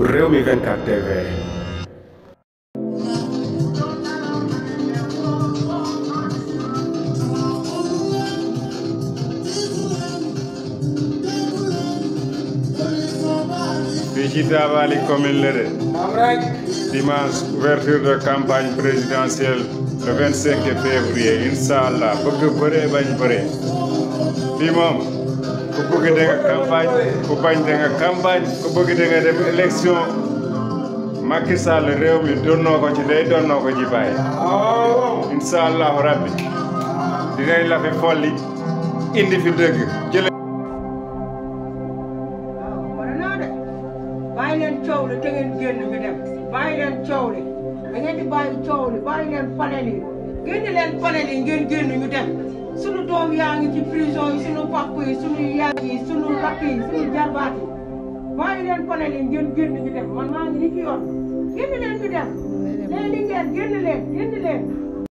Rewmi 24 TV ci Dabali de dimanche ouverture de campagne présidentielle le 25 février incha allah bëgg bëree bañ bëree fii moom ku bëgg da nga campagne ku bañ da nga campagne réew mi donnoo ko ci day donnoo ko ci bàyyi. incha allahu rabbi dinañ la fi folli indi fi dëgg jële. bàyyi leen coow li te ngeen génn ñu di leen panel yi génn leen sunu doom yaa ngi ci prison sunu papa yi sunu yaay yi sunu rakk yi sunu jarbaat yi bàyyi leen pone leen ngeen génn ñu man maa ni ci yoon génn leen ñu dem léegi ngeen génn leen génn leen